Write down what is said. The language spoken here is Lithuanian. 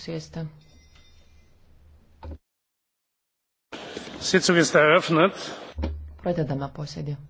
susėsti. Pradedame posėdį.